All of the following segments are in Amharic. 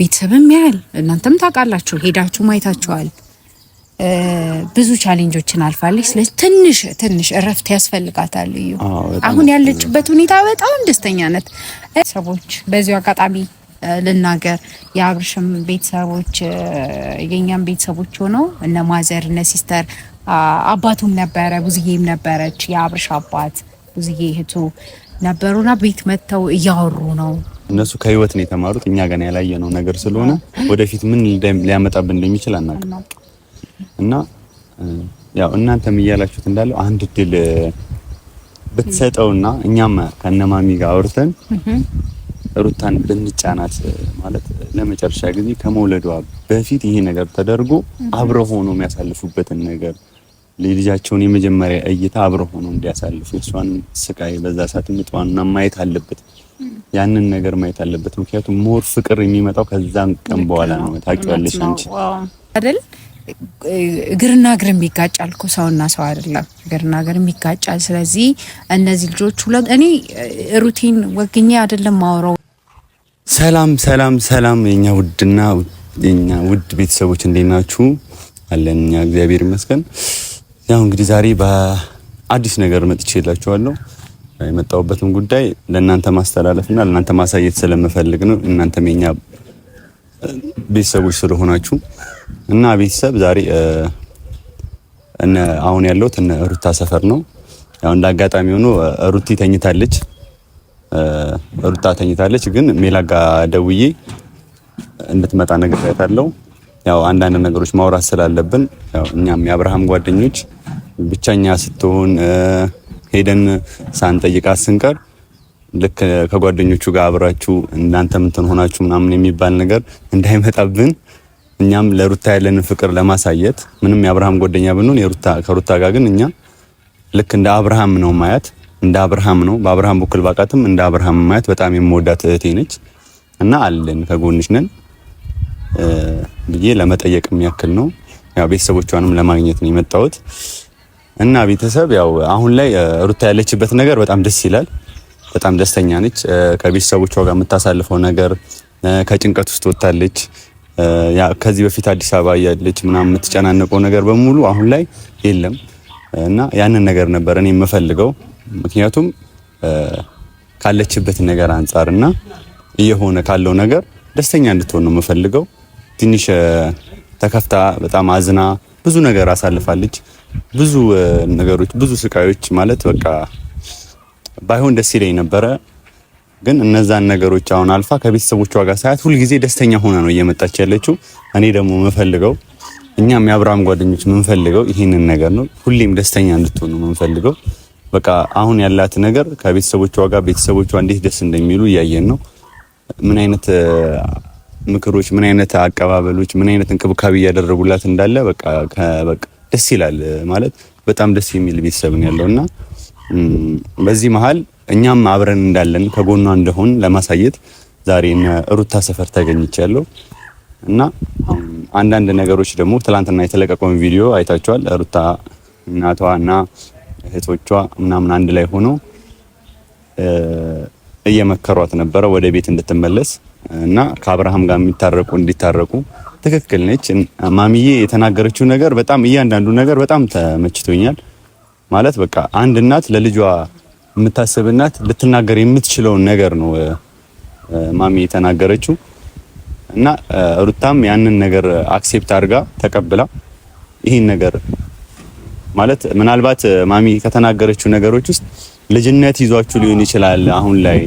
ቤተሰብም ያህል እናንተም ታውቃላችሁ፣ ሄዳችሁ ማየታችኋል። ብዙ ቻሌንጆችን አልፋለች። ስለዚህ ትንሽ ትንሽ እረፍት ያስፈልጋታል። እዩ አሁን ያለችበት ሁኔታ በጣም ደስተኛ ነት። ሰዎች በዚሁ አጋጣሚ ልናገር የአብርሽም ቤተሰቦች የኛም ቤተሰቦች ሆነው እነ ማዘር እነ ሲስተር አባቱም ነበረ፣ ብዙዬም ነበረች። የአብርሽ አባት ብዙዬ እህቱ ነበሩና ቤት መጥተው እያወሩ ነው እነሱ ከህይወት ነው የተማሩት። እኛ ገና ያላየነው ነገር ስለሆነ ወደፊት ምን ሊያመጣብን እንደሚችል አናውቅም። እና ያው እናንተም እያላችሁት እንዳለው አንድ እድል ብትሰጠውና እኛም ከነማሚ ጋር አውርተን ሩታን ብንጫናት ማለት ለመጨረሻ ጊዜ ከመውለዷ በፊት ይሄ ነገር ተደርጎ አብረው ሆኖ የሚያሳልፉበትን ነገር ልጃቸውን የመጀመሪያ እይታ አብረው ሆኖ እንዲያሳልፉ እሷን ስቃይ በዛ ሰዓት ምጥዋንና ማየት አለበት። ያንን ነገር ማየት አለበት። ምክንያቱም ሞር ፍቅር የሚመጣው ከዛን ቀን በኋላ ነው። ታውቂዋለሽ አንቺ አይደል? እግርና እግር ይጋጫል እኮ ሰውና ሰው አይደለም፣ እግርና እግር የሚጋጫል። ስለዚህ እነዚህ ልጆች ሁለት እኔ ሩቲን ወግኜ አይደለም ማውረው። ሰላም ሰላም ሰላም፣ የኛ ውድና የኛ ውድ ቤተሰቦች እንዴት ናችሁ? አለን እኛ እግዚአብሔር ይመስገን። ያው እንግዲህ ዛሬ በአዲስ ነገር መጥቼ የላችኋለሁ። የመጣሁበትም ጉዳይ ለእናንተ ማስተላለፍና ለእናንተ ማሳየት ስለምፈልግ ነው። እናንተም የኛ ቤተሰቦች ስለሆናችሁ እና ቤተሰብ ዛሬ አሁን ያለሁት እነ ሩታ ሰፈር ነው። ያው እንደ አጋጣሚ ሆኖ ሩቲ ተኝታለች፣ ሩታ ተኝታለች። ግን ሜላጋ ደውዬ እንድትመጣ ነገር ታለው። ያው አንዳንድ ነገሮች ማውራት ስላለብን ያው እኛም የአብርሃም ጓደኞች ብቸኛ ስትሆን ሄደን ሳንጠይቃት ስንቀር ልክ ከጓደኞቹ ጋር አብራችሁ እናንተ ምንትን ሆናችሁ ምናምን የሚባል ነገር እንዳይመጣብን እኛም ለሩታ ያለንን ፍቅር ለማሳየት ምንም የአብርሃም ጓደኛ ብንሆን የሩታ ከሩታ ጋር ግን እኛ ልክ እንደ አብርሃም ነው ማያት እንደ አብርሃም ነው በአብርሃም በኩል ባቃትም እንደ አብርሃም ማየት በጣም የምወዳት እህቴ ነች እና አለን ከጎንሽ ነን ብዬ ለመጠየቅ የሚያክል ነው። ያው ቤተሰቦቿንም ለማግኘት ነው የመጣሁት እና ቤተሰብ ያው አሁን ላይ ሩታ ያለችበት ነገር በጣም ደስ ይላል። በጣም ደስተኛ ነች። ከቤተሰቦቿ ጋር የምታሳልፈው ነገር ከጭንቀት ውስጥ ወጥታለች። ከዚህ በፊት አዲስ አበባ እያለች ምናምን የምትጨናነቀው ነገር በሙሉ አሁን ላይ የለም እና ያንን ነገር ነበር እኔ የምፈልገው ምክንያቱም ካለችበት ነገር አንጻር እና እየሆነ ካለው ነገር ደስተኛ እንድትሆን ነው የምፈልገው። ትንሽ ተከፍታ በጣም አዝና ብዙ ነገር አሳልፋለች። ብዙ ነገሮች፣ ብዙ ስቃዮች ማለት በቃ ባይሆን ደስ ይለኝ ነበረ። ግን እነዛን ነገሮች አሁን አልፋ ከቤተሰቦቿ ጋር ሳያት ሁልጊዜ ደስተኛ ሆና ነው እየመጣች ያለችው። እኔ ደግሞ የምፈልገው እኛም የአብርሃም ጓደኞች የምንፈልገው ይህንን ነገር ነው። ሁሌም ደስተኛ እንድትሆኑ የምንፈልገው በቃ አሁን ያላት ነገር ከቤተሰቦቿ ጋር ቤተሰቦቿ እንዴት ደስ እንደሚሉ እያየን ነው። ምን አይነት ምክሮች፣ ምን አይነት አቀባበሎች፣ ምን አይነት እንክብካቤ እያደረጉላት እንዳለ በቃ በቃ ደስ ይላል ማለት በጣም ደስ የሚል ቤተሰብ ነው ያለው እና በዚህ መሀል እኛም አብረን እንዳለን ከጎኗ እንደሆን ለማሳየት ዛሬ ሩታ ሰፈር ተገኝቻለሁ እና አንዳንድ ነገሮች ደግሞ ትላንትና የተለቀቀውን ቪዲዮ አይታችኋል። ሩታ እናቷ እና እህቶቿ ምናምን አንድ ላይ ሆኖ እየመከሯት ነበረ ወደ ቤት እንድትመለስ እና ከአብርሃም ጋር የሚታረቁ እንዲታረቁ ትክክል ነች። ማሚዬ የተናገረችው ነገር በጣም እያንዳንዱ ነገር በጣም ተመችቶኛል። ማለት በቃ አንድ እናት ለልጇ የምታስብ እናት ልትናገር የምትችለውን ነገር ነው ማሚ የተናገረችው እና ሩታም ያንን ነገር አክሴፕት አድርጋ ተቀብላ ይህን ነገር ማለት ምናልባት ማሚ ከተናገረችው ነገሮች ውስጥ ልጅነት ይዟችሁ ሊሆን ይችላል አሁን ላይ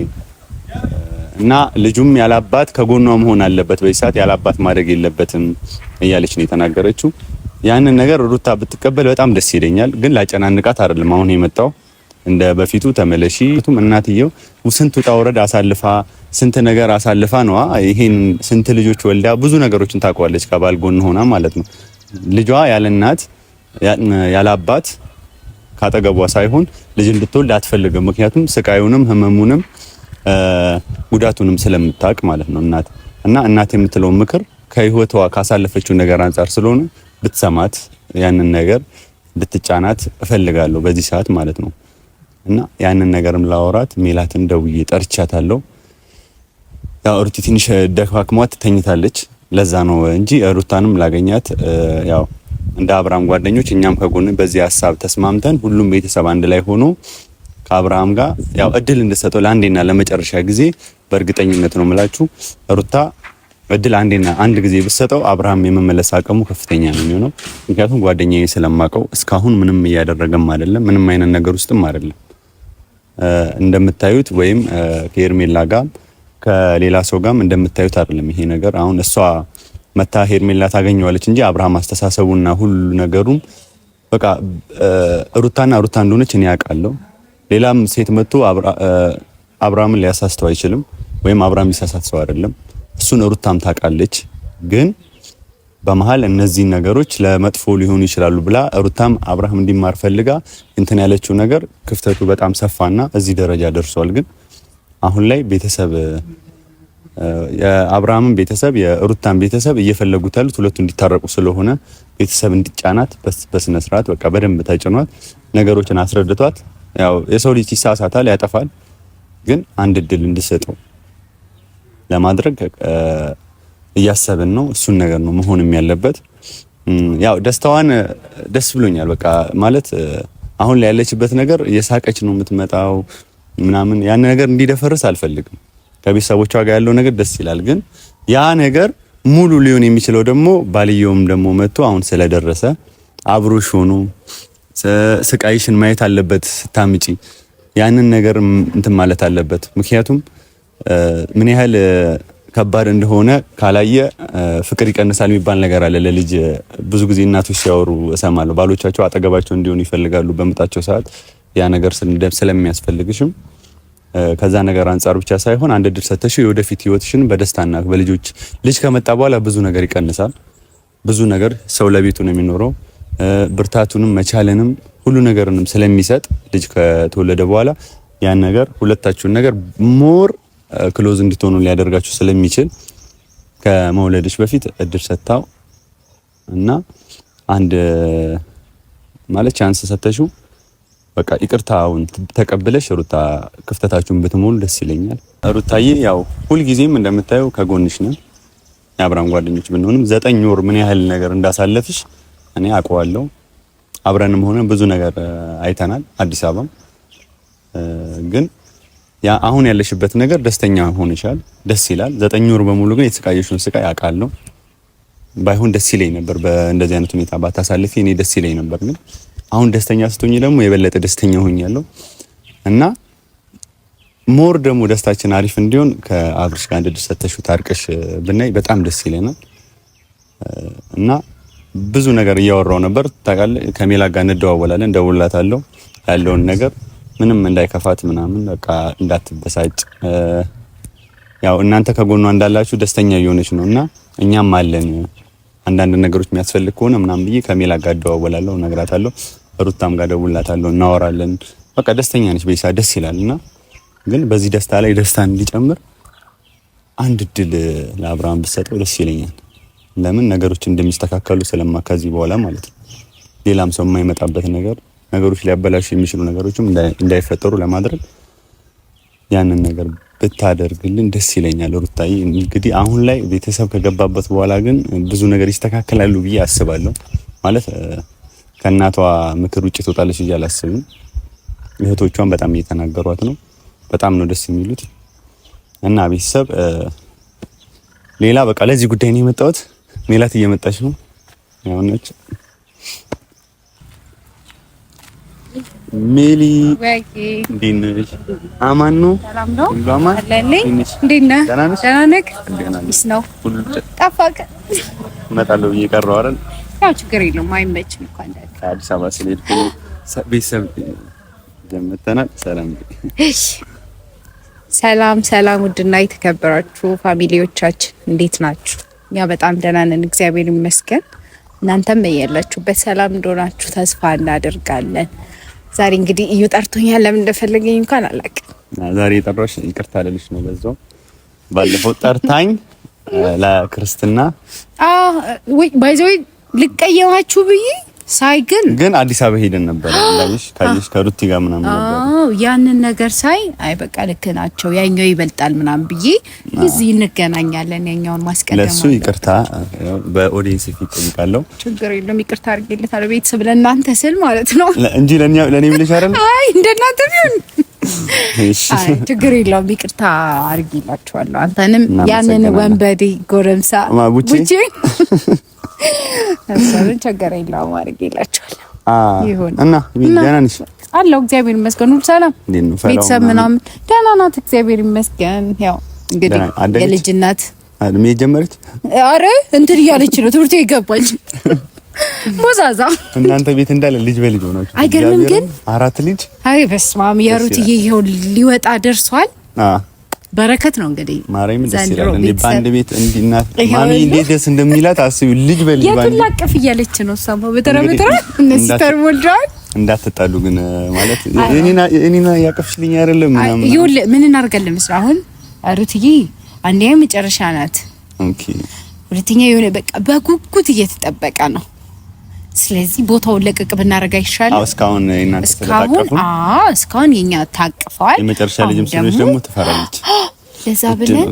እና ልጁም ያላባት ከጎኗ መሆን አለበት፣ በዚህ ሰዓት ያላባት ማድረግ የለበትም እያለች ነው የተናገረችው። ያንን ነገር ሩታ ብትቀበል በጣም ደስ ይለኛል። ግን ላጨናንቃት አይደለም አሁን የመጣው እንደ በፊቱ ተመለሺ። እናትየው ስንት ውጣ ውረድ አሳልፋ ስንት ነገር አሳልፋ ነዋ ይሄን ስንት ልጆች ወልዳ ብዙ ነገሮችን ታውቀዋለች፣ ከባል ጎን ሆና ማለት ነው። ልጇ ያለ እናት ያለ አባት ካጠገቧ ሳይሆን ልጅ እንድትወልድ አትፈልግም። ምክንያቱም ስቃዩንም ህመሙንም ጉዳቱንም ስለምታውቅ ማለት ነው እናት እና እናት የምትለው ምክር ከህይወቷ ካሳለፈችው ነገር አንጻር ስለሆነ ብትሰማት ያንን ነገር ብትጫናት እፈልጋለሁ በዚህ ሰዓት ማለት ነው። እና ያንን ነገርም ላወራት ሜላትን ደውዬ ጠርቻታለሁ። ያው ሩቲ ትንሽ ደክማክሟት ተኝታለች። ለዛ ነው እንጂ ሩታንም ላገኛት ያው እንደ አብራም ጓደኞች እኛም ከጎን በዚህ ሀሳብ ተስማምተን ሁሉም ቤተሰብ አንድ ላይ ሆኖ ከአብርሃም ጋር ያው እድል እንደሰጠው ለአንዴና ለመጨረሻ ጊዜ በእርግጠኝነት ነው የምላችሁ ሩታ እድል አንዴና አንድ ጊዜ ብሰጠው አብርሃም የመመለስ አቅሙ ከፍተኛ ነው የሚሆነው። ምክንያቱም ጓደኛዬ ስለማውቀው እስካሁን ምንም እያደረገም አይደለም፣ ምንም አይነት ነገር ውስጥም አይደለም። እንደምታዩት ወይም ከሄርሜላ ጋር ከሌላ ሰው ጋርም እንደምታዩት አይደለም ይሄ ነገር። አሁን እሷ መታ ሄርሜላ ታገኘዋለች እንጂ አብርሃም አስተሳሰቡና ሁሉ ነገሩም በቃ ሩታና ሩታ እንደሆነች እኔ አውቃለሁ። ሌላም ሴት መጥቶ አብርሃምን ሊያሳስተው አይችልም፣ ወይም አብርሃም ሊሳሳት ሰው አይደለም። እሱን ሩታም ታውቃለች። ግን በመሀል እነዚህን ነገሮች ለመጥፎ ሊሆኑ ይችላሉ ብላ ሩታም አብርሃም እንዲማር ፈልጋ እንትን ያለችው ነገር ክፍተቱ በጣም ሰፋና እዚህ ደረጃ ደርሷል። ግን አሁን ላይ ቤተሰብ የአብርሃምን ቤተሰብ የሩታን ቤተሰብ እየፈለጉት ያሉት ሁለቱ እንዲታረቁ ስለሆነ ቤተሰብ እንዲጫናት በስነ ስርዓት በቃ በደንብ ተጭኗት ነገሮችን አስረድቷት ያው የሰው ልጅ ይሳሳታል፣ ያጠፋል። ግን አንድ እድል እንድሰጠው ለማድረግ እያሰብን ነው። እሱን ነገር ነው መሆንም ያለበት። ያው ደስታዋን ደስ ብሎኛል። በቃ ማለት አሁን ላይ ያለችበት ነገር እየሳቀች ነው የምትመጣው ምናምን ያን ነገር እንዲደፈርስ አልፈልግም። ከቤተሰቦቿ ጋር ያለው ነገር ደስ ይላል። ግን ያ ነገር ሙሉ ሊሆን የሚችለው ደግሞ ባልየውም ደግሞ መጥቶ አሁን ስለደረሰ አብሮሽ ሆኖ ስቃይሽን ማየት አለበት ስታምጪ ያንን ነገር እንትን ማለት አለበት። ምክንያቱም ምን ያህል ከባድ እንደሆነ ካላየ ፍቅር ይቀንሳል የሚባል ነገር አለ። ለልጅ ብዙ ጊዜ እናቶች ሲያወሩ እሰማለሁ። ባሎቻቸው አጠገባቸው እንዲሆኑ ይፈልጋሉ በምጣቸው ሰዓት። ያ ነገር ስለሚያስፈልግሽም ከዛ ነገር አንጻር ብቻ ሳይሆን አንድ ድር ሰተሽ የወደፊት ህይወትሽን በደስታና በልጆች ልጅ ከመጣ በኋላ ብዙ ነገር ይቀንሳል። ብዙ ነገር ሰው ለቤቱ ነው የሚኖረው። ብርታቱንም መቻለንም ሁሉ ነገርንም ስለሚሰጥ ልጅ ከተወለደ በኋላ ያን ነገር ሁለታችሁን ነገር ሞር ክሎዝ እንድትሆኑ ሊያደርጋችሁ ስለሚችል ከመውለድሽ በፊት እድል ሰጥታው እና አንድ ማለት ቻንስ ሰተሽው በቃ ይቅርታውን ተቀብለሽ ሩታ ክፍተታችሁን ብትሞሉ ደስ ይለኛል። ሩታዬ ያው ሁልጊዜም እንደምታየው ከጎንሽ ነን። የአብርሃም ጓደኞች ብንሆንም ዘጠኝ ወር ምን ያህል ነገር እንዳሳለፍሽ እኔ አውቀዋለሁ። አብረንም ሆነን ብዙ ነገር አይተናል አዲስ አበባም። ግን ያ አሁን ያለሽበት ነገር ደስተኛ ይችላል፣ ደስ ይላል። ዘጠኝ ወር በሙሉ ግን የተሰቃየሽውን ስቃይ አውቃለሁ። ባይሆን ደስ ይለኝ ነበር በእንደዚህ አይነት ሁኔታ ባታሳልፊ እኔ ደስ ይለኝ ነበር። ግን አሁን ደስተኛ ስትሆኝ ደግሞ የበለጠ ደስተኛ ሆኛለሁ እና ሞር ደግሞ ደስታችን አሪፍ እንዲሆን ከአብርሽ ጋር እንድትሰተሹ ታርቅሽ ብናይ በጣም ደስ ይለናል እና ብዙ ነገር እያወራው ነበር። ታውቃለህ፣ ከሜላ ጋር እንደዋወላለን፣ እደውልላታለሁ ያለውን ነገር ምንም እንዳይከፋት ምናምን በቃ እንዳትበሳጭ፣ ያው እናንተ ከጎኗ እንዳላችሁ ደስተኛ እየሆነች ነው እና እኛም አለን አንዳንድ ነገሮች የሚያስፈልግ ከሆነ ምናምን ብዬ ከሜላ ጋር እደዋወላለሁ፣ እነግራታለሁ። ሩታም ጋር እደውልላታለሁ፣ እናወራለን። በቃ ደስተኛ ነች ቤሳ፣ ደስ ይላል። እና ግን በዚህ ደስታ ላይ ደስታ እንዲጨምር አንድ እድል ለአብርሃም ብትሰጠው ደስ ይለኛል። ለምን ነገሮች እንደሚስተካከሉ ስለማ ከዚህ በኋላ ማለት ነው ሌላም ሰው የማይመጣበት ነገር ነገሮች ሊያበላሹ የሚችሉ ነገሮችም እንዳይፈጠሩ ለማድረግ ያንን ነገር ብታደርግልን ደስ ይለኛል ሩታዬ። እንግዲህ አሁን ላይ ቤተሰብ ከገባበት በኋላ ግን ብዙ ነገር ይስተካከላሉ ብዬ አስባለሁ። ማለት ከእናቷ ምክር ውጭ ትወጣለች ብዬ አላስብም። እህቶቿን በጣም እየተናገሯት ነው። በጣም ነው ደስ የሚሉት እና ቤተሰብ ሌላ በቃ ለዚህ ጉዳይ ነው የመጣሁት። ሜላት እየመጣች ነው። ያው ነች ሜሊ፣ እንዴት አማን ነው ሁሉ ነው። ችግር አዲስ አበባ ስለሄድኩ ቤተሰብ ጀምተናል። ሰላም ሰላም ሰላም። ውድና የተከበራችሁ ፋሚሊዎቻችን እንዴት ናችሁ? እኛ በጣም ደህና ነን፣ እግዚአብሔር ይመስገን። እናንተም እያላችሁበት ሰላም እንደሆናችሁ ተስፋ እናደርጋለን። ዛሬ እንግዲህ እዩ ጠርቶኛል። ለምን እንደፈለገኝ እንኳን አላውቅም። ዛሬ የጠራሽ ይቅርታ ልልሽ ነው። በዛው ባለፈው ጠርታኝ ለክርስትና ባይዘዊ ልቀየማችሁ ብዬ ሳይ ግን ግን አዲስ አበባ ሄደን ነበር ታይሽ ታይሽ ከሩቲ ጋር ምናምን ነበር። አዎ ያንን ነገር ሳይ አይ በቃ ልክ ናቸው ያኛው ይበልጣል ምናምን ብዬ እዚህ እንገናኛለን ያኛውን ማስቀደም ለሱ ይቅርታ በኦዲየንስ ፊት ጠይቃለሁ። ችግር የለም ይቅርታ አድርጌለታለሁ። ቤተሰብ ለእናንተ ስል ማለት ነው እንጂ ለኛ ለኔ ምን ይሻረን? አይ እንደናንተ ቢሆን ችግር የለውም። ይቅርታ አድርጌላችኋለሁ። አንተንም ያንን ወንበዴ ጎረምሳ ቡቼ እሷን ቸገረኝ ላው ማድረግ ይላቸዋል እና ደህና ነሽ አለው። እግዚአብሔር ይመስገን ሁሉ ሰላም፣ ቤተሰብ ምናምን ደህና ናት። እግዚአብሔር ይመስገን። ያው እንግዲህ የልጅ እናት አድሜ ጀመረች። አረ እንትን እያለች ነው ትምህርት ይገባች ሞዛዛ እናንተ ቤት እንዳለ ልጅ በልጅ ሆናችሁ አይገርምም? ግን አራት ልጅ አይ በስማም የሩትዬ ይኸው ሊወጣ ደርሷል። በረከት ነው እንግዲህ ማርያም ደስ ይላል እንዴ! ባንድ ቤት እንዲና ማሚ እንዴት ደስ እንደሚላት አስቢ። ልጅ በልጅ ባንድ የቱን ላቅፍ እያለች ነው ሳማ በተራ በተራ እነሱ ተርሞልደዋል። እንዳትጣሉ ግን ማለት እኔና እኔና ያቀፍሽልኝ አይደለም ምናምን ይሁን። ምን እናርጋለን መስራ አሁን ሩትዬ አንዴ መጨረሻ ናት። ኦኬ ሁለተኛ የሆነ በቃ በጉጉት እየተጠበቀ ነው ስለዚህ ቦታውን ለቅቅ ብናደርግ አይሻልም? እስካሁን እስካሁን የኛ ታቅፈዋል። የመጨረሻ ልጅም ስለሆነች ደግሞ ትፈራለች። ለዛ ብለን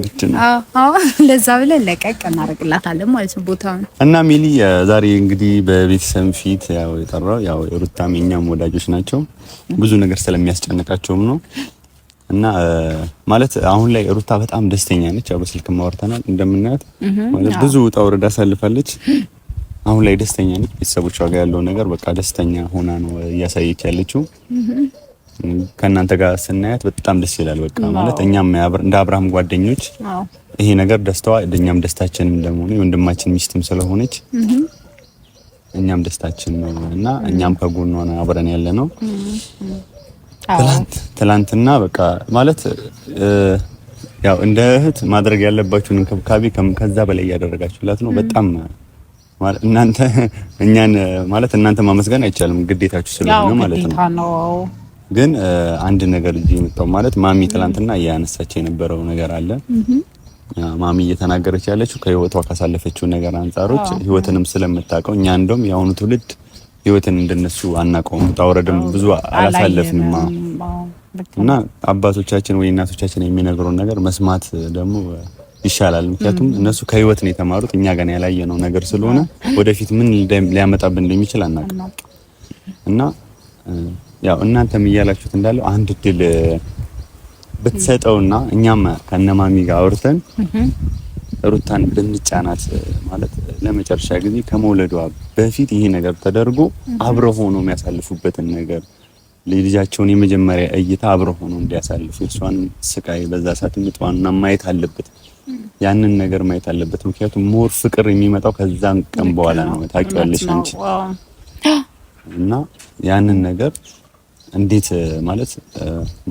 ለዛ ብለን ለቀቅ እናደርግላታለን ማለት ነው ቦታውን። እና ሚሊ ዛሬ እንግዲህ በቤተሰብ ፊት ያው የጠራው ያው ሩታም የኛም ወዳጆች ናቸው። ብዙ ነገር ስለሚያስጨንቃቸውም ነው እና ማለት አሁን ላይ ሩታ በጣም ደስተኛ ነች። ያው በስልክ ማወርተናል እንደምናያት ማለት ብዙ ውጣ ውረድ አሳልፋለች። አሁን ላይ ደስተኛ ነኝ። ቤተሰቦቿ ጋር ያለው ነገር በቃ ደስተኛ ሆና ነው እያሳየች ያለችው። ከእናንተ ጋር ስናያት በጣም ደስ ይላል። በቃ ማለት እኛም እንደ አብርሃም ጓደኞች ይሄ ነገር ደስታዋ እኛም ደስታችን እንደመሆኑ የወንድማችን ሚስትም ስለሆነች እኛም ደስታችን ነው እና እኛም ከጎኗ ነው አብረን ያለ ነው። ትላንትና በቃ ማለት ያው እንደ እህት ማድረግ ያለባችሁን እንክብካቤ ከዛ በላይ እያደረጋችሁላት ነው በጣም እናንተ እኛን ማለት እናንተ ማመስገን አይቻልም፣ ግዴታችሁ ስለሆነ ማለት ነው። ግን አንድ ነገር ልጅ የምታው ማለት ማሚ ትላንትና እያነሳች የነበረው ነገር አለ። ማሚ እየተናገረች ያለችው ከህይወቷ ካሳለፈችው ነገር አንጻሮች ህይወትንም ስለምታውቀው እኛ እንደውም የአሁኑ ትውልድ ህይወትን እንደነሱ አናውቀውም፣ ታውረድም ብዙ አላሳለፍንም እና አባቶቻችን ወይ እናቶቻችን የሚነግሩን ነገር መስማት ደግሞ ይሻላል። ምክንያቱም እነሱ ከህይወት ነው የተማሩት፣ እኛ ገና ያላየነው ነገር ስለሆነ ወደፊት ምን ሊያመጣብን እንደሚችል አናውቅም። እና ያው እናንተም እያላችሁት እንዳለው አንድ እድል ብትሰጠውና እኛም ከነማሚ ጋር አውርተን ሩታን ብንጫናት ማለት ለመጨረሻ ጊዜ ከመውለዷ በፊት ይሄ ነገር ተደርጎ አብረ ሆኖ የሚያሳልፉበትን ነገር ልጃቸውን የመጀመሪያ እይታ አብረ ሆኖ እንዲያሳልፉ እሷን ስቃይ በዛ ሰዓት ምጥዋንና ማየት አለበት። ያንን ነገር ማየት አለበት። ምክንያቱም ሞር ፍቅር የሚመጣው ከዛን ቀን በኋላ ነው። ታውቂዋለሽ አንቺ እና ያንን ነገር እንዴት ማለት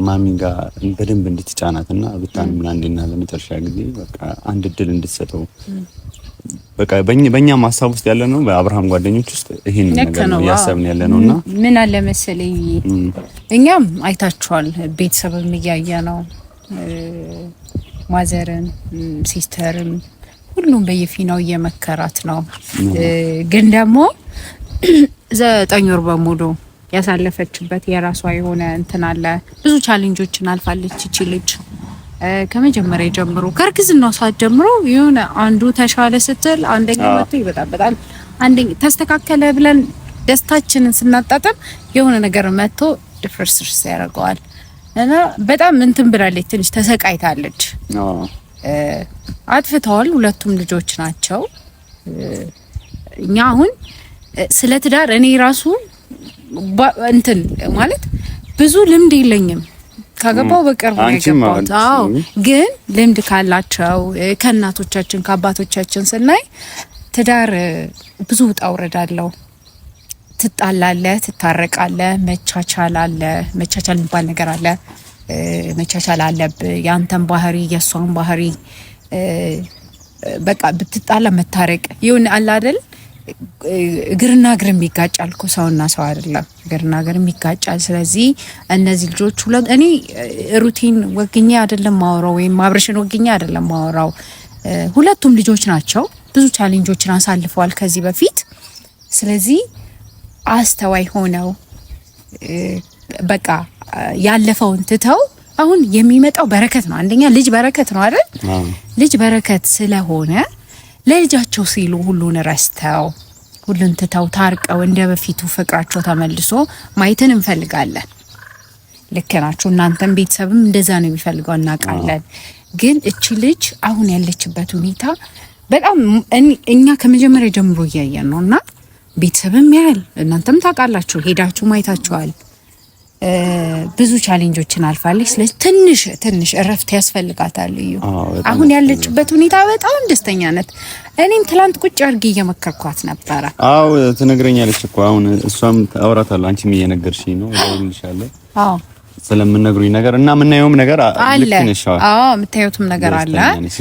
ማሚን ጋር በደንብ እንድትጫናት እና ሩታንም ለአንዴና ለመጨረሻ ጊዜ በቃ አንድ እድል እንድትሰጠው በቃ በእኛም ሀሳብ ውስጥ ያለ ነው። በአብርሃም ጓደኞች ውስጥ ይሄን ነገር ነው እያሰብን ያለ ነው። እና ምን አለ መሰለኝ እኛም አይታችኋል፣ ቤተሰብም እያየ ነው ማዘርም ሲስተርም ሁሉም በየፊናው እየመከራት ነው። ግን ደግሞ ዘጠኝ ወር በሙሉ ያሳለፈችበት የራሷ የሆነ እንትን አለ። ብዙ ቻሌንጆችን አልፋለች ይቺ ልጅ ከመጀመሪያ ጀምሮ ከእርግዝናው ሰዓት ጀምሮ የሆነ አንዱ ተሻለ ስትል አንደኛ መጥቶ ይበጣበጣል። አንደኛ ተስተካከለ ብለን ደስታችንን ስናጣጥም የሆነ ነገር መጥቶ ድፍርስርስ ያደርገዋል። እና በጣም እንትን ብላለች፣ ትንሽ ተሰቃይታለች። አጥፍተዋል፣ ሁለቱም ልጆች ናቸው። እኛ አሁን ስለ ትዳር እኔ ራሱ እንትን ማለት ብዙ ልምድ የለኝም ካገባው በቅርቡ ነው። አዎ ግን ልምድ ካላቸው ከእናቶቻችን ከአባቶቻችን ስናይ ትዳር ብዙ ውጣ ውረድ አለው። ትጣላለ፣ ትታረቃለ መቻቻል አለ። መቻቻል የሚባል ነገር አለ። መቻቻል አለብ የአንተን ባህሪ የእሷን ባህሪ በቃ ብትጣላ መታረቅ ይሁን አለ አይደል? እግርና እግርም ይጋጫል እኮ ሰውና ሰው አይደለም፣ እግርና እግር ይጋጫል። ስለዚህ እነዚህ ልጆች ሁለት እኔ ሩቲን ወግኜ አይደለም ማወራው ወይም አብርሽን ወግኜ አይደለም ማወራው። ሁለቱም ልጆች ናቸው፣ ብዙ ቻሌንጆችን አሳልፈዋል ከዚህ በፊት ስለዚህ አስተዋይ ሆነው በቃ ያለፈውን ትተው አሁን የሚመጣው በረከት ነው። አንደኛ ልጅ በረከት ነው አይደል? ልጅ በረከት ስለሆነ ለልጃቸው ሲሉ ሁሉን ረስተው ሁሉን ትተው ታርቀው እንደ በፊቱ ፍቅራቸው ተመልሶ ማየትን እንፈልጋለን። ልክ ናችሁ። እናንተም ቤተሰብም እንደዛ ነው የሚፈልገው እናውቃለን። ግን እቺ ልጅ አሁን ያለችበት ሁኔታ በጣም እኛ ከመጀመሪያ ጀምሮ እያየን ነው እና ቤተሰብም ያህል እናንተም ታውቃላችሁ፣ ሄዳችሁ ማየታችኋል። ብዙ ቻሌንጆችን አልፋለች። ስለዚህ ትንሽ ትንሽ እረፍት ያስፈልጋታል። እዩ አሁን ያለችበት ሁኔታ በጣም ደስተኛ ነት። እኔም ትላንት ቁጭ አድርጌ እየመከርኳት ነበረ። አዎ ትነግረኛለች እኮ አሁን እሷም አውራታለሁ። አንቺም እየነገርሽኝ ነው። አዎ ስለምነግሩኝ ነገር እና የምናየውም ነገር አለ። የምታዩትም ነገር አለ።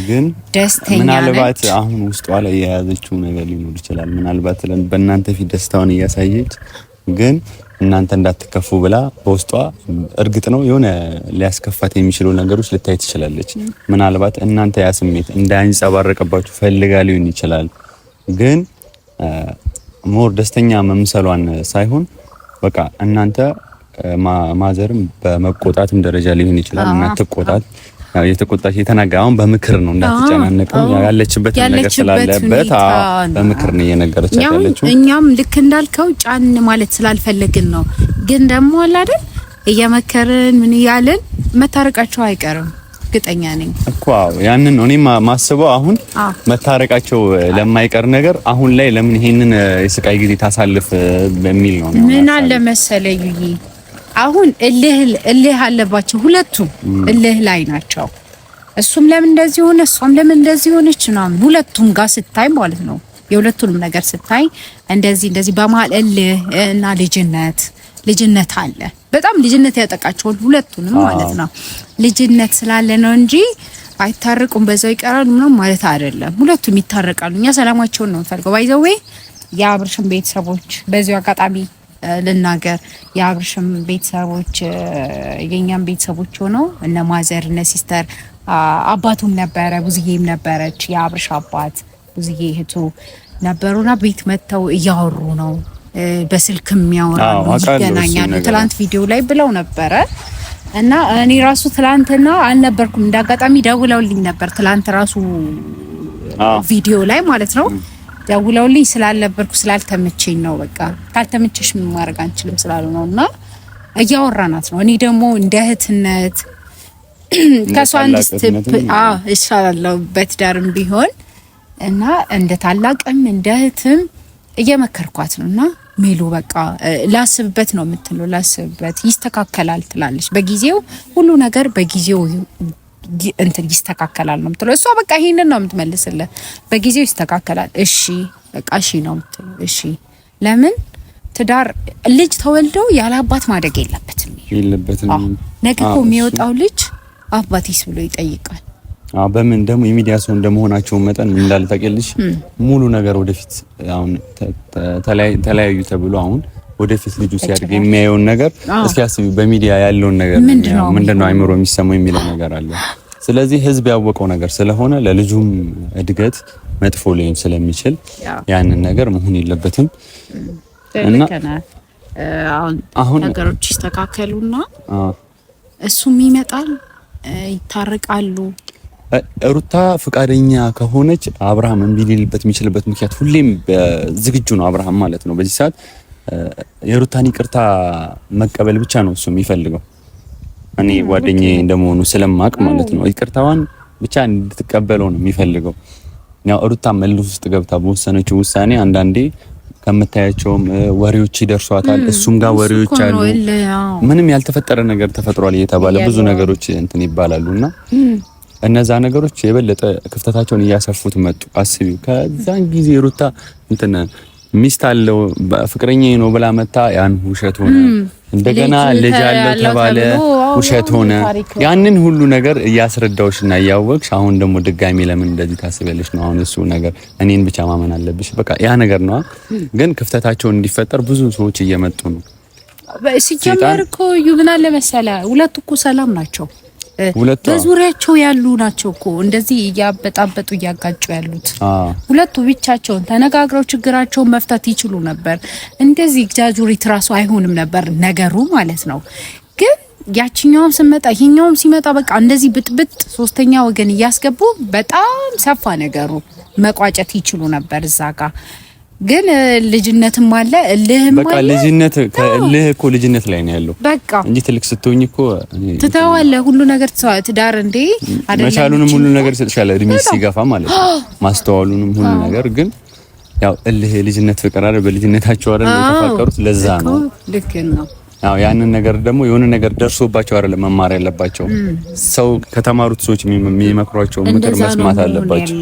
ግን ደስተኛ ምናልባት አሁን ውስጧ ላይ የያዘችው ነገር ሊኖር ይችላል። ምናልባት በእናንተ ፊት ደስታውን እያሳየች ግን እናንተ እንዳትከፉ ብላ በውስጧ እርግጥ ነው የሆነ ሊያስከፋት የሚችሉ ነገሮች ልታይ ትችላለች። ምናልባት እናንተ ያ ስሜት እንዳያንጸባረቅባችሁ ፈልጋ ሊሆን ይችላል። ግን ሞር ደስተኛ መምሰሏን ሳይሆን በቃ እናንተ ማዘርም በመቆጣትም ደረጃ ሊሆን ይችላል እና ትቆጣት የተቆጣች የተናገ አሁን በምክር ነው እንዳትጨናነቅም ያለችበት ነገር ስላለበት በምክር ነው እየነገረች ያለችው። እኛም ልክ እንዳልከው ጫን ማለት ስላልፈለግን ነው። ግን ደግሞ አለ አይደል እየመከርን ምን እያልን መታረቃቸው አይቀርም። እርግጠኛ ነኝ እኮ ያንን ነው እኔም ማስበው። አሁን መታረቃቸው ለማይቀር ነገር አሁን ላይ ለምን ይሄንን የስቃይ ጊዜ ታሳልፍ በሚል ነው ምን አለ መሰለኝ አሁን እልህ አለባቸው ሁለቱም እልህ ላይ ናቸው። እሱም ለምን እንደዚህ ሆነ፣ እሷም ለምን እንደዚህ ሆነች ምናምን ሁለቱም ጋር ስታይ ማለት ነው። የሁለቱንም ነገር ስታይ እንደዚህ እንደዚህ በመሀል እልህ እና ልጅነት ልጅነት አለ። በጣም ልጅነት ያጠቃቸዋል ሁለቱንም ማለት ነው። ልጅነት ስላለ ነው እንጂ አይታረቁም በዛው ይቀራሉ ምናምን ማለት አይደለም። ሁለቱም ይታረቃሉ። እኛ ሰላማቸውን ነው የምንፈልገው። ባይዘዌ የአብርሽን ቤተሰቦች በዚሁ አጋጣሚ ልናገር የአብርሽም ቤተሰቦች የኛም ቤተሰቦች ሆኖ እነ ማዘር እነ ሲስተር አባቱም ነበረ ብዙዬም ነበረች የአብርሽ አባት ብዙዬ እህቱ ነበሩና ቤት መጥተው እያወሩ ነው በስልክ የሚያወራሉ ይገናኛሉ ትላንት ቪዲዮ ላይ ብለው ነበረ እና እኔ ራሱ ትላንትና አልነበርኩም እንዳጋጣሚ ደውለውልኝ ነበር ትላንት ራሱ ቪዲዮ ላይ ማለት ነው ደውለውልኝ ስላልነበርኩ ስላልተመቸኝ ነው። በቃ ካልተመቸሽ ምን ማድረግ አንችልም ስላሉ ነው እና እያወራናት ነው። እኔ ደግሞ እንደ እህትነት ከሷ አንድ ስቴፕ እሻላለሁ በትዳርም ቢሆን እና እንደ ታላቅም እንደ እህትም እየመከርኳት ነው እና ሚሉ በቃ ላስብበት ነው የምትለው። ላስብበት ይስተካከላል ትላለች። በጊዜው ሁሉ ነገር በጊዜው እንትን ይስተካከላል ነው የምትለው። እሷ በቃ ይሄንን ነው የምትመልስልህ። በጊዜው ይስተካከላል፣ እሺ በቃ እሺ ነው የምትለው። እሺ ለምን ትዳር ልጅ ተወልደው ያለ አባት ማደግ የለበትም የለበትም። ነገ እኮ የሚወጣው ልጅ አባቴስ ብሎ ይጠይቃል። በምን ደግሞ የሚዲያ ሰው እንደመሆናቸው መጠን እንዳልታቀልሽ ሙሉ ነገር ወደፊት አሁን ተለያዩ ተብሎ አሁን ወደፊት ልጁ ሲያድግ የሚያየውን ነገር እስኪ አስቢ። በሚዲያ ያለውን ነገር ምንድነው አይምሮ የሚሰማው የሚለው ነገር አለ። ስለዚህ ህዝብ ያወቀው ነገር ስለሆነ ለልጁም እድገት መጥፎ ሊሆን ስለሚችል ያንን ነገር መሆን የለበትም እና አሁን ነገሮች ይስተካከሉና እሱም ይመጣል፣ ይታረቃሉ። ሩታ ፈቃደኛ ከሆነች አብርሃም እምቢ ሊልበት የሚችልበት ምክንያት ሁሌም ዝግጁ ነው። አብርሃም ማለት ነው በዚህ ሰዓት የሩታን ይቅርታ መቀበል ብቻ ነው እሱ የሚፈልገው። እኔ ጓደኛዬ እንደመሆኑ ስለማቅ ማለት ነው ይቅርታዋን ብቻ እንድትቀበለው ነው የሚፈልገው። ያው ሩታ መልስ ውስጥ ገብታ በወሰነችው ውሳኔ አንዳንዴ ከምታያቸውም ወሬዎች ይደርሷታል። እሱም ጋር ወሬዎች አሉ። ምንም ያልተፈጠረ ነገር ተፈጥሯል እየተባለ ብዙ ነገሮች እንትን ይባላሉ እና እነዛ ነገሮች የበለጠ ክፍተታቸውን እያሰፉት መጡ። አስቢው ከዛን ጊዜ ሩታ እንትን ሚስት አለው ፍቅረኛ ነው ብላ መታ ያን ውሸት ሆነ። እንደገና ልጅ አለው ተባለ ውሸት ሆነ። ያንን ሁሉ ነገር እያስረዳሁሽ እና እያወቅሽ አሁን ደግሞ ድጋሚ ለምን እንደዚህ ታስቢያለሽ ነው? አሁን እሱ ነገር እኔን ብቻ ማመን አለብሽ። በቃ ያ ነገር ነው። ግን ክፍተታቸውን እንዲፈጠር ብዙ ሰዎች እየመጡ ነው። ሲጀመር እኮ ዩብና ሁለት እኮ ሰላም ናቸው። በዙሪያቸው ያሉ ናቸው እኮ እንደዚህ እያበጣበጡ እያጋጩ ያሉት። ሁለቱ ብቻቸውን ተነጋግረው ችግራቸውን መፍታት ይችሉ ነበር። እንደዚህ ጃጁሪት ራሱ አይሆንም ነበር ነገሩ ማለት ነው። ግን ያችኛውም ስመጣ ይሄኛውም ሲመጣ በቃ እንደዚህ ብጥብጥ ሶስተኛ ወገን እያስገቡ በጣም ሰፋ ነገሩ። መቋጨት ይችሉ ነበር እዛ ጋር ግን ልጅነትም አለ እልህም አለ። በቃ ልጅነት ከእልህ እኮ ልጅነት ላይ ነው ያለው። በቃ እንጂ ትልቅ ስትሆኝ እኮ ትተዋለህ፣ ሁሉ ነገር ትዳር እንዴ አይደለም መቻሉንም ሁሉ ነገር ይሰጥሻል፣ እድሜ ሲገፋ ማለት ነው ማስተዋሉንም ሁሉ ነገር። ግን ያው እልህ ልጅነት ፍቅር አይደል፣ በልጅነታቸው አይደል የተፋቀሩት። ለዛ ነው ልክ ነው። አዎ ያንን ነገር ደግሞ የሆነ ነገር ደርሶባቸው አይደለም መማር ያለባቸው። ሰው ከተማሩት ሰዎች የሚመክሯቸው ምክር መስማት አለባቸው።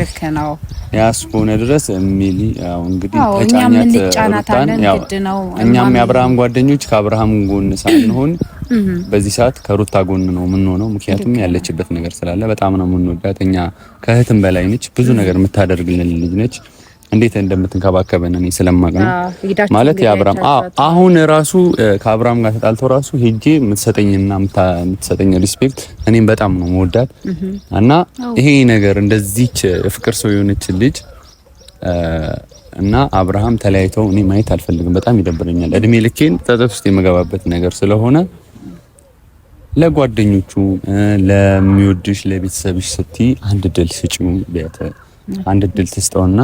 ልክ ነው። ያ እስከሆነ ድረስ ሚሊ ያው እንግዲህ ተጫኛት ግድ እኛም የአብርሃም ጓደኞች ከአብርሃም ጎን ሳንሆን በዚህ ሰዓት ከሩታ ጎን ነው የምንሆነው። ምክንያቱም ያለችበት ነገር ስላለ በጣም ነው የምንወዳት። እኛ ከእህትም በላይ ነች። ብዙ ነገር የምታደርግልን ልጅ ነች። እንዴት እንደምትንከባከበን እኔ ስለማቅ ነው ማለት የአብርሃም አሁን ራሱ ከአብርሃም ጋር ተጣልተው ራሱ ሄጄ የምትሰጠኝና የምትሰጠኝ ሪስፔክት እኔም በጣም ነው መወዳት እና ይሄ ነገር እንደዚች ፍቅር ሰው የሆነች ልጅ እና አብርሃም ተለያይተው እኔ ማየት አልፈልግም። በጣም ይደብረኛል። እድሜ ልኬን ጸጸት ውስጥ የምገባበት ነገር ስለሆነ ለጓደኞቹ፣ ለሚወድሽ፣ ለቤተሰብሽ ስቲ አንድ ድል ስጪው፣ አንድ ድል ትስጠውና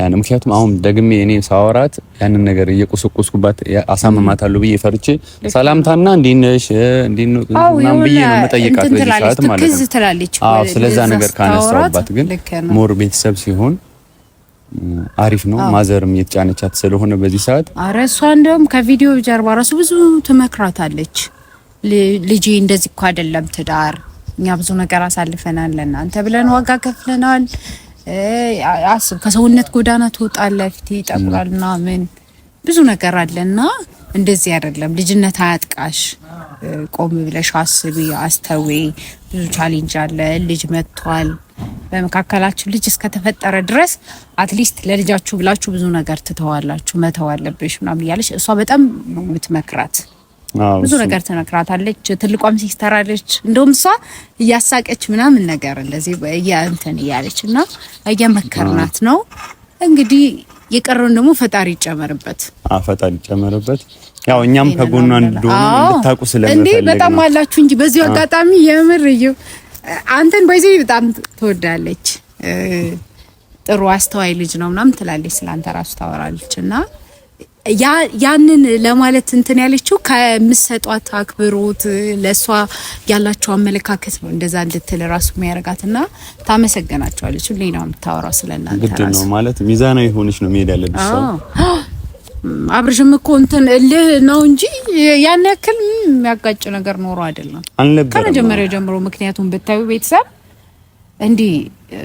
ያን ምክንያቱም አሁን ደግሜ እኔ ሳወራት ያንን ነገር እየቆሰቆስኩባት አሳምማታለሁ ብዬ ፈርቼ ሰላምታና እንዲነሽ ነሽ ምናምን ብዬ ነው መጠየቃት በዚህ ሰዓት ማለት ነው። አዎ ስለዛ ነገር ካነሳውባት ግን ሞር ቤተሰብ ሲሆን አሪፍ ነው። ማዘርም የተጫነቻት ስለሆነ በዚህ ሰዓት አረ እሷ እንደውም ከቪዲዮ ጀርባ ራሱ ብዙ ትመክራታለች። ልጄ እንደዚህ እኮ አይደለም ትዳር፣ እኛ ብዙ ነገር አሳልፈናል፣ ለእናንተ ብለን ዋጋ ከፍለናል አስብ፣ ከሰውነት ጎዳና ትወጣለህ፣ ፊት ይጠቁራል ምናምን ብዙ ነገር አለና እንደዚህ አይደለም። ልጅነት አያጥቃሽ። ቆም ብለሽ አስቢ፣ አስተዊ። ብዙ ቻሌንጅ አለ። ልጅ መጥቷል። በመካከላችሁ ልጅ እስከተፈጠረ ድረስ አትሊስት ለልጃችሁ ብላችሁ ብዙ ነገር ትተዋላችሁ። መተው አለብሽ ምናምን እያለች እሷ በጣም ነው የምትመክራት። ብዙ ነገር ትነግራታለች። ትልቋም ሲስተር አለች። እንደውም እሷ እያሳቀች ምናምን ነገር እንደዚህ እንትን እያለች እና እየመከርናት ነው። እንግዲህ የቀረውን ደግሞ ፈጣሪ ይጨመርበት፣ ፈጣሪ ይጨመርበት። ያው እኛም ከጎኗ እንደሆነ እንድታውቁ ስለምፈልግ እንዴ በጣም አላችሁ እንጂ በዚሁ አጋጣሚ የምር እዩ አንተን በዚህ በጣም ትወዳለች። ጥሩ አስተዋይ ልጅ ነው ምናምን ትላለች። ስለአንተ ራሱ ታወራለች እና ያንን ለማለት እንትን ያለችው ከምሰጧት አክብሮት ለእሷ ያላቸው አመለካከት ነው። እንደዛ እንድትል ራሱ የሚያደርጋት እና ታመሰገናቸዋለች። ሌላው ነው የምታወራው ስለእናንተ ግድ ነው ማለት ሚዛናዊ ሆነች ነው መሄድ ያለብሽ። ሰው አብርሽም እኮ እንትን እልህ ነው እንጂ ያን ያክል የሚያጋጭ ነገር ኖሮ አይደለም ከመጀመሪያው ጀምሮ። ምክንያቱም ብታዩ ቤተሰብ እንዲህ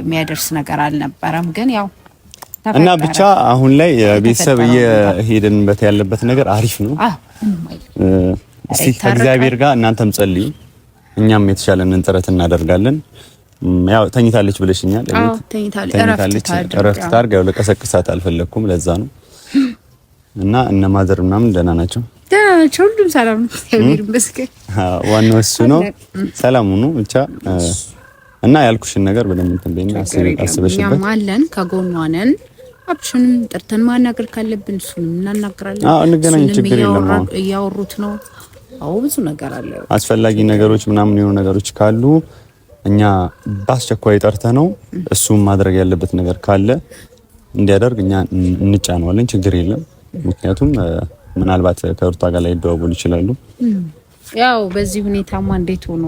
የሚያደርስ ነገር አልነበረም ግን ያው እና ብቻ አሁን ላይ ቤተሰብ እየሄድንበት ያለበት ነገር አሪፍ ነው። እስቲ ከእግዚአብሔር ጋር እናንተም ጸልዩ፣ እኛም የተሻለንን ጥረት እናደርጋለን። ያው ተኝታለች ብለሽኛል። ተኝታለች፣ እረፍት ታርግ። ያው ለቀሰቅሳት አልፈለኩም፣ ለዛ ነው። እና እነ ማዘር ምናምን ደህና ናቸው? ደህና ናቸው። ሁሉም ሰላም ነው፣ እግዚአብሔር ይመስገን። ዋናው እሱ ነው። ሰላም ሁኑ ብቻ እና ያልኩሽን ነገር በደንብ እንትን በእኛ አስበሽበት። እኛም አለን፣ ከጎኗ ነን አብሽንም ጠርተን ማናገር ካለብን እሱንም እናናገራለን። እንገናኝ፣ ችግር የለም። እያወሩት ነው። አዎ ብዙ ነገር አለ። አስፈላጊ ነገሮች ምናምን የሆኑ ነገሮች ካሉ እኛ በአስቸኳይ ጠርተ ነው እሱም ማድረግ ያለበት ነገር ካለ እንዲያደርግ እኛ እንጫነዋለን። ችግር የለም። ምክንያቱም ምናልባት ከሩታ ጋር ላይ ይደዋወሉ ይችላሉ። ያው በዚህ ሁኔታማ እንዴት ሆኖ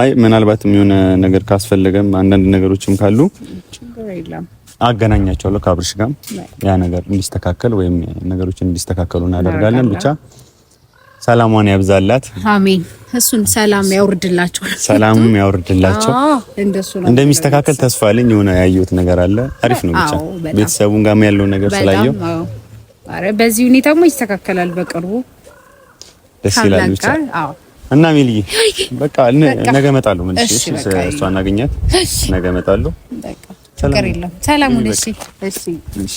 አይ ምናልባት የሆነ ነገር ካስፈለገም አንዳንድ ነገሮችም ካሉ ችግር የለም። አገናኛቸዋለሁ ከአብርሽ ጋር ያ ነገር እንዲስተካከል ወይም ነገሮችን እንዲስተካከሉ እናደርጋለን። ብቻ ሰላሟን ያብዛላት። አሜን። እሱን ሰላም ያውርድላቸው፣ ሰላሙም ያውርድላቸው። እንደሚስተካከል ተስፋ አለኝ። የሆነ ያየሁት ነገር አለ። አሪፍ ነው። ብቻ ቤተሰቡን ጋር ያለው ነገር ስላየው አረ በዚህ ሁኔታማ ይስተካከላል በቅርቡ። ደስ ይላል ብቻ እና ሚልዬ በቃ ነገ እመጣለሁ። ምን እሺ፣ እሷ እናገኛት ነገ እመጣለሁ። ፍቅር የለም። ሰላም ሁን። እሺ፣ እሺ፣ እሺ።